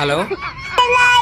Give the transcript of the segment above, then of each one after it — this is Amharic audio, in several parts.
Hello hmm?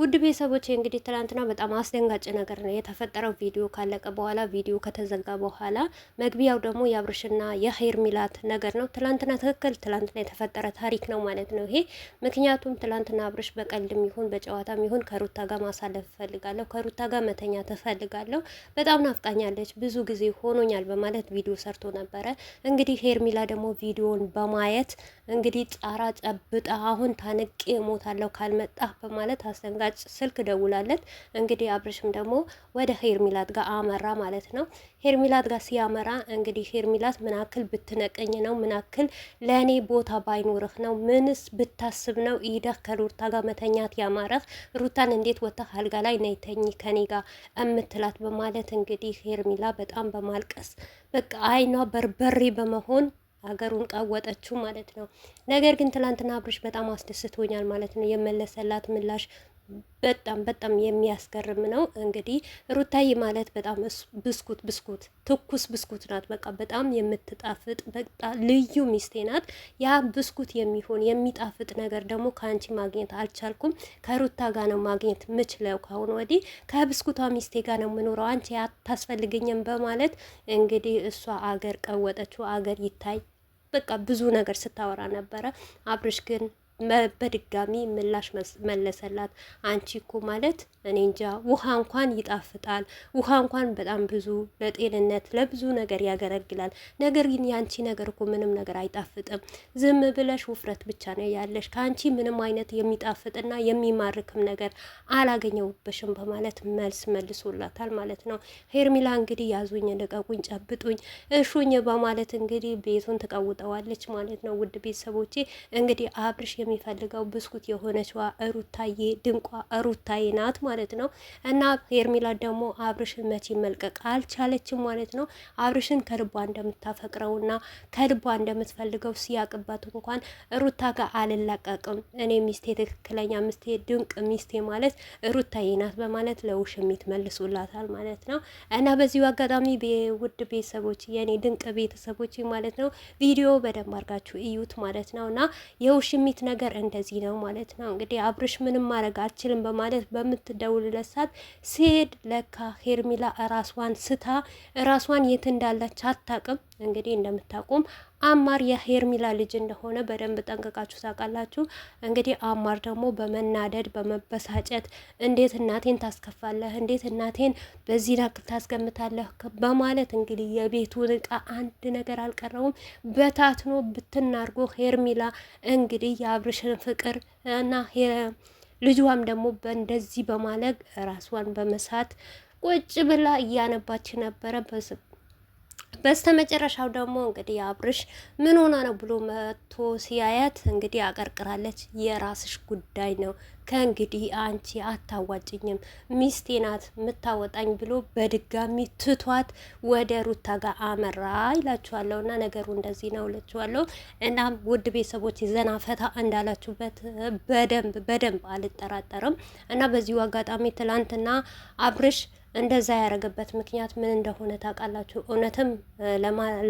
ውድ ቤተሰቦች እንግዲህ ትላንትና በጣም አስደንጋጭ ነገር ነው የተፈጠረው። ቪዲዮ ካለቀ በኋላ ቪዲዮ ከተዘጋ በኋላ መግቢያው ደግሞ የአብርሽና የሀይር ሚላት ነገር ነው። ትላንትና ትክክል ትላንትና የተፈጠረ ታሪክ ነው ማለት ነው ይሄ። ምክንያቱም ትላንትና አብርሽ በቀልድም ይሁን በጨዋታም ይሁን ከሩታ ጋር ማሳለፍ እፈልጋለሁ፣ ከሩታ ጋር መተኛ ትፈልጋለሁ፣ በጣም ናፍቃኛለች፣ ብዙ ጊዜ ሆኖኛል በማለት ቪዲዮ ሰርቶ ነበረ። እንግዲህ ሄር ሚላ ደግሞ ቪዲዮን በማየት እንግዲህ ጣራ ጨብጣ አሁን ታንቄ እሞታለሁ ካልመጣ በማለት አስደንጋ አማራጭ ስልክ ደውላለት እንግዲህ አብርሽም ደግሞ ወደ ሄርሚላት ጋር አመራ ማለት ነው። ሄርሚላት ጋር ሲያመራ እንግዲህ ሄርሚላት ምናክል ብትነቀኝ ነው ምናክል ለእኔ ቦታ ባይኖርህ ነው ምንስ ብታስብ ነው ኢደህ ከሩታ ጋር መተኛት ያማረህ ሩታን እንዴት ወጥተህ አልጋ ላይ ነይተኝ ከኔ ጋር እምትላት በማለት እንግዲህ ሄርሚላ በጣም በማልቀስ በቃ አይኗ በርበሬ በመሆን ሀገሩን ቃወጠችው ማለት ነው። ነገር ግን ትላንትና አብርሽ በጣም አስደስቶኛል ማለት ነው የመለሰላት ምላሽ በጣም በጣም የሚያስገርም ነው። እንግዲህ ሩታዬ ማለት በጣም ብስኩት ብስኩት ትኩስ ብስኩት ናት። በቃ በጣም የምትጣፍጥ በጣም ልዩ ሚስቴ ናት። ያ ብስኩት የሚሆን የሚጣፍጥ ነገር ደግሞ ከአንቺ ማግኘት አልቻልኩም። ከሩታ ጋር ነው ማግኘት ምችለው። ከአሁን ወዲህ ከብስኩቷ ሚስቴ ጋር ነው የምኖረው። አንቺ አታስፈልገኝም በማለት እንግዲህ እሷ አገር ቀወጠችው። አገር ይታይ በቃ ብዙ ነገር ስታወራ ነበረ። አብርሽ ግን በድጋሚ ምላሽ መለሰላት። አንቺ እኮ ማለት እኔ እንጃ ውሃ እንኳን ይጣፍጣል። ውሃ እንኳን በጣም ብዙ ለጤንነት ለብዙ ነገር ያገለግላል። ነገር ግን ያንቺ ነገር እኮ ምንም ነገር አይጣፍጥም። ዝም ብለሽ ውፍረት ብቻ ነው ያለሽ። ከአንቺ ምንም አይነት የሚጣፍጥና የሚማርክም ነገር አላገኘውበሽም በማለት መልስ መልሶላታል ማለት ነው። ሄርሚላ እንግዲህ ያዙኝ፣ ልቀቁኝ፣ ጨብጡኝ፣ እሹኝ በማለት እንግዲህ ቤቱን ትቀውጠዋለች ማለት ነው። ውድ ቤተሰቦቼ እንግዲህ አብርሽ የሚፈልገው ብስኩት የሆነችዋ ሩታዬ ድንቋ እሩታዬ ናት ማለት ማለት ነው። እና ሄርሜላት ደግሞ አብርሽን መቼ መልቀቅ አልቻለችም ማለት ነው። አብርሽን ከልቧ እንደምታፈቅረውና ከልቧ እንደምትፈልገው ሲያቅባት እንኳን ሩታ ጋር አልላቀቅም እኔ ሚስቴ፣ ትክክለኛ ሚስቴ፣ ድንቅ ሚስቴ ማለት ሩታ ናት በማለት ለውሽሚት መልሱላታል ማለት ነው። እና በዚሁ አጋጣሚ ውድ ቤተሰቦች፣ የኔ ድንቅ ቤተሰቦች ማለት ነው ቪዲዮ በደንብ አድርጋችሁ እዩት ማለት ነው። እና የውሽሚት ነገር እንደዚህ ነው ማለት ነው። እንግዲህ አብርሽ ምንም ማድረግ አልችልም በማለት በምት ስደውልለት ሰዓት ስሄድ ለካ ሄርሚላ ራስዋን ስታ ራስዋን የት እንዳለች አታቅም። እንግዲህ እንደምታውቁም አማር የሄርሚላ ልጅ እንደሆነ በደንብ ጠንቅቃችሁ ታውቃላችሁ። እንግዲህ አማር ደግሞ በመናደድ በመበሳጨት እንዴት እናቴን ታስከፋለህ፣ እንዴት እናቴን በዚህ ላክል ታስገምታለህ በማለት እንግዲህ የቤቱ እቃ አንድ ነገር አልቀረውም በታትኖ ብትናርጎ ሄርሚላ እንግዲህ የአብርሽን ፍቅር እና ልጇም ደግሞ በእንደዚህ በማለግ ራሷን በመሳት ቁጭ ብላ እያነባች ነበረ። በስተመጨረሻው ደግሞ እንግዲህ አብርሽ ምን ሆና ነው ብሎ መቶ ሲያያት እንግዲህ አቀርቅራለች። የራስሽ ጉዳይ ነው ከእንግዲህ አንቺ አታዋጭኝም፣ ሚስቴ ናት የምታወጣኝ ብሎ በድጋሚ ትቷት ወደ ሩታ ጋር አመራ ይላችኋለሁ። እና ነገሩ እንደዚህ ነው እላችኋለሁ። እናም ውድ ቤተሰቦች ዘና ፈታ እንዳላችሁበት በደንብ በደንብ አልጠራጠርም። እና በዚሁ አጋጣሚ ትላንትና አብርሽ እንደዛ ያደረገበት ምክንያት ምን እንደሆነ ታውቃላችሁ? እውነትም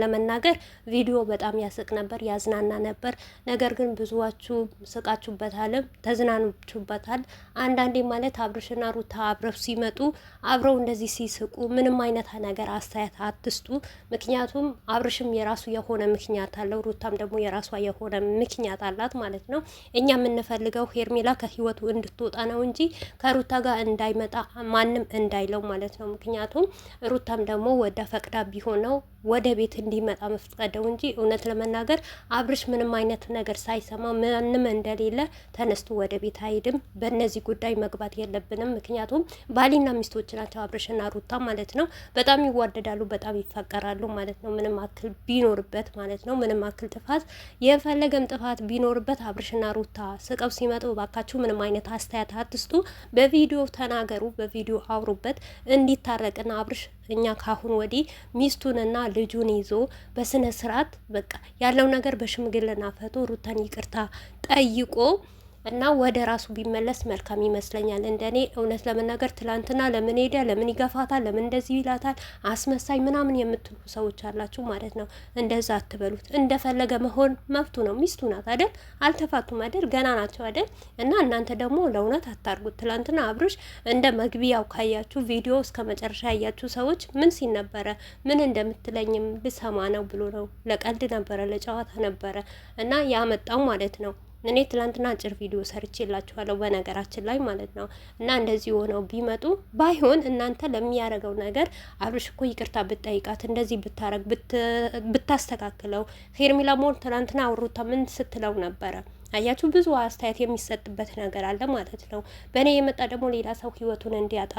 ለመናገር ቪዲዮ በጣም ያስቅ ነበር፣ ያዝናና ነበር። ነገር ግን ብዙዋችሁ ስቃችሁበታልም ተዝናኑችሁበታል። አንዳንዴ ማለት አብርሽና ሩታ አብረው ሲመጡ አብረው እንደዚህ ሲስቁ ምንም አይነት ነገር አስተያየት አትስጡ። ምክንያቱም አብርሽም የራሱ የሆነ ምክንያት አለው፣ ሩታም ደግሞ የራሷ የሆነ ምክንያት አላት ማለት ነው። እኛ የምንፈልገው ሄርሜላ ከህይወቱ እንድትወጣ ነው እንጂ ከሩታ ጋር እንዳይመጣ ማንም እንዳይለው ማለት ማለት ነው። ምክንያቱም ሩታም ደግሞ ወዳ ፈቅዳ ቢሆነው ወደ ቤት እንዲመጣ መፍቀደው እንጂ እውነት ለመናገር አብርሽ ምንም አይነት ነገር ሳይሰማ ምንም እንደሌለ ተነስቶ ወደ ቤት አይሄድም። በእነዚህ ጉዳይ መግባት የለብንም። ምክንያቱም ባሊና ሚስቶች ናቸው አብርሽና ሩታ ማለት ነው። በጣም ይዋደዳሉ፣ በጣም ይፈቀራሉ ማለት ነው። ምንም አክል ቢኖርበት ማለት ነው። ምንም አክል ጥፋት የፈለገም ጥፋት ቢኖርበት አብርሽና ሩታ ስቀው ሲመጡ ባካችሁ ምንም አይነት አስተያየት አትስጡ። በቪዲዮ ተናገሩ፣ በቪዲዮ አውሩበት። እንዲታረቅና አብርሽ እኛ ካሁን ወዲህ ሚስቱንና ልጁን ይዞ በስነ ስርዓት በቃ ያለው ነገር በሽምግልና ፈቶ ሩታን ይቅርታ ጠይቆ እና ወደ ራሱ ቢመለስ መልካም ይመስለኛል። እንደኔ እውነት ለመናገር ትላንትና ለምን ሄደ፣ ለምን ይገፋታል፣ ለምን እንደዚህ ይላታል፣ አስመሳይ ምናምን የምትሉ ሰዎች አላችሁ ማለት ነው። እንደዛ አትበሉት። እንደፈለገ መሆን መብቱ ነው። ሚስቱ ናት አይደል? አልተፋቱም አይደል? ገና ናቸው አይደል? እና እናንተ ደግሞ ለእውነት አታርጉት። ትላንትና አብርሽ እንደ መግቢያው ካያችሁ ቪዲዮ እስከ መጨረሻ ያያችሁ ሰዎች ምን ሲል ነበረ? ምን እንደምትለኝም ልሰማ ነው ብሎ ነው። ለቀልድ ነበረ፣ ለጨዋታ ነበረ እና ያመጣው ማለት ነው። እኔ ትላንትና አጭር ቪዲዮ ሰርች የላችኋለሁ በነገራችን ላይ ማለት ነው። እና እንደዚህ ሆነው ቢመጡ ባይሆን እናንተ ለሚያረገው ነገር አብርሽ እኮ ይቅርታ ብትጠይቃት እንደዚህ ብታረግ ብታስተካክለው። ሄርሜላ ሞል ትላንትና አውሩታ ምን ስትለው ነበረ? አያችሁ ብዙ አስተያየት የሚሰጥበት ነገር አለ ማለት ነው። በእኔ የመጣ ደግሞ ሌላ ሰው ህይወቱን እንዲያጣ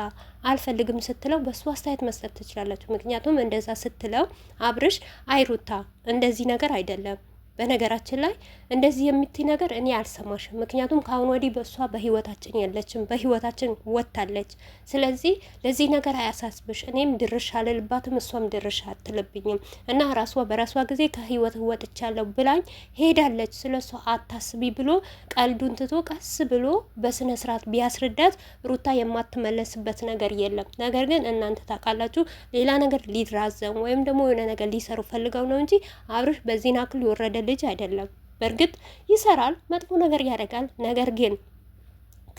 አልፈልግም ስትለው በሱ አስተያየት መስጠት ትችላላችሁ። ምክንያቱም እንደዛ ስትለው አብርሽ አይሩታ እንደዚህ ነገር አይደለም በነገራችን ላይ እንደዚህ የምትይ ነገር እኔ አልሰማሽም። ምክንያቱም ከአሁን ወዲህ በእሷ በህይወታችን የለችም፣ በህይወታችን ወጥታለች። ስለዚህ ለዚህ ነገር አያሳስብሽ። እኔም ድርሽ አልልባትም፣ እሷም ድርሽ አትልብኝም እና ራሷ በራሷ ጊዜ ከህይወት ወጥቻለሁ ብላኝ ሄዳለች። ስለ እሷ አታስቢ ብሎ ቀልዱን ትቶ ቀስ ብሎ በስነ ስርዓት ቢያስረዳት ሩታ የማትመለስበት ነገር የለም። ነገር ግን እናንተ ታውቃላችሁ ሌላ ነገር ሊራዘም ወይም ደግሞ የሆነ ነገር ሊሰሩ ፈልገው ነው እንጂ አብርሽ በዚህን አክል ይወረደል ልጅ አይደለም። በእርግጥ ይሰራል፣ መጥፎ ነገር ያደርጋል። ነገር ግን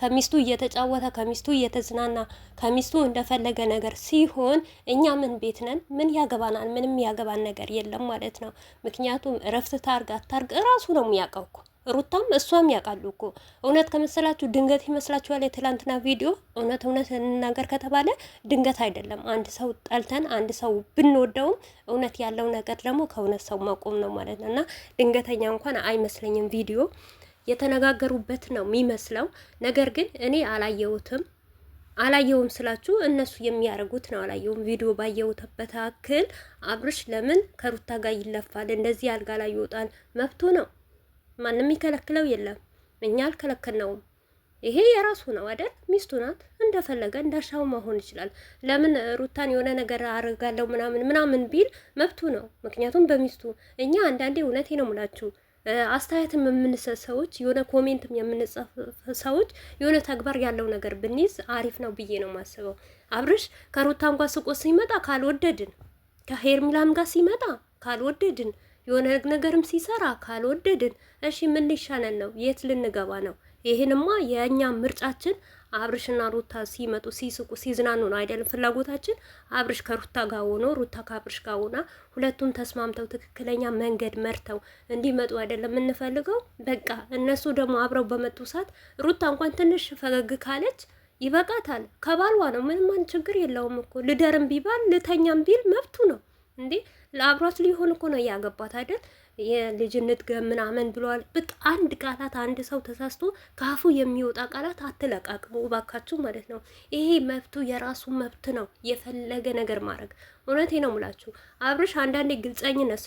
ከሚስቱ እየተጫወተ ከሚስቱ እየተዝናና ከሚስቱ እንደፈለገ ነገር ሲሆን እኛ ምን ቤት ነን? ምን ያገባናል? ምንም ያገባን ነገር የለም ማለት ነው። ምክንያቱም እረፍት ታርግ አታርግ እራሱ ነው የሚያውቀው እኮ ሩታም እሷም ያውቃሉ እኮ እውነት ከመሰላችሁ ድንገት ይመስላችኋል? የትላንትና ቪዲዮ እውነት እውነት እንናገር ከተባለ ድንገት አይደለም። አንድ ሰው ጠልተን አንድ ሰው ብንወደውም እውነት ያለው ነገር ደግሞ ከእውነት ሰው መቆም ነው ማለት ነው። እና ድንገተኛ እንኳን አይመስለኝም ቪዲዮ የተነጋገሩበት ነው የሚመስለው። ነገር ግን እኔ አላየሁትም አላየውም ስላችሁ እነሱ የሚያደርጉት ነው። አላየውም ቪዲዮ ባየሁበት አክል አብርሽ ለምን ከሩታ ጋር ይለፋል? እንደዚህ አልጋ ላይ ይወጣል? መብቱ ነው። ማንም የሚከለክለው የለም። እኛ አልከለከልነውም። ይሄ የራሱ ነው አይደል? ሚስቱ ናት። እንደፈለገ እንዳሻው መሆን ይችላል። ለምን ሩታን የሆነ ነገር አርጋለው ምናምን ምናምን ቢል መብቱ ነው። ምክንያቱም በሚስቱ እኛ አንዳንዴ እውነቴ ነው ሙላችሁ አስተያየትም የምንሰጥ ሰዎች የሆነ ኮሜንትም የምንጽፍ ሰዎች የሆነ ተግባር ያለው ነገር ብንይዝ አሪፍ ነው ብዬ ነው የማስበው። አብርሽ ከሩታን ጋር ስቆ ሲመጣ ካልወደድን፣ ከሄርሚላም ጋር ሲመጣ ካልወደድን የሆነ ነገርም ሲሰራ ካልወደድን እሺ ምን ሊሻለን ነው? የት ልንገባ ነው? ይህንማ የእኛ ምርጫችን አብርሽና ሩታ ሲመጡ ሲስቁ ሲዝናኑ ነው አይደለም ፍላጎታችን። አብርሽ ከሩታ ጋር ሆኖ ሩታ ከአብርሽ ጋር ሆና ሁለቱም ተስማምተው ትክክለኛ መንገድ መርተው እንዲመጡ አይደለም የምንፈልገው። በቃ እነሱ ደግሞ አብረው በመጡ ሰዓት ሩታ እንኳን ትንሽ ፈገግ ካለች ይበቃታል። ከባልዋ ነው ምንም ችግር የለውም እኮ ልደርም ቢባል ልተኛም ቢል መብቱ ነው እንዴ ለአብሯት ሊሆን እኮ ነው ያገባት አይደል? የልጅነት ገ ምናምን ብለዋል። በጣም አንድ ቃላት አንድ ሰው ተሳስቶ ካፉ የሚወጣ ቃላት አትለቃቅሙ እባካችሁ ማለት ነው። ይሄ መብቱ የራሱ መብት ነው፣ የፈለገ ነገር ማድረግ። እውነቴ ነው ሙላችሁ። አብርሽ አንዳንዴ ግልጸኝነት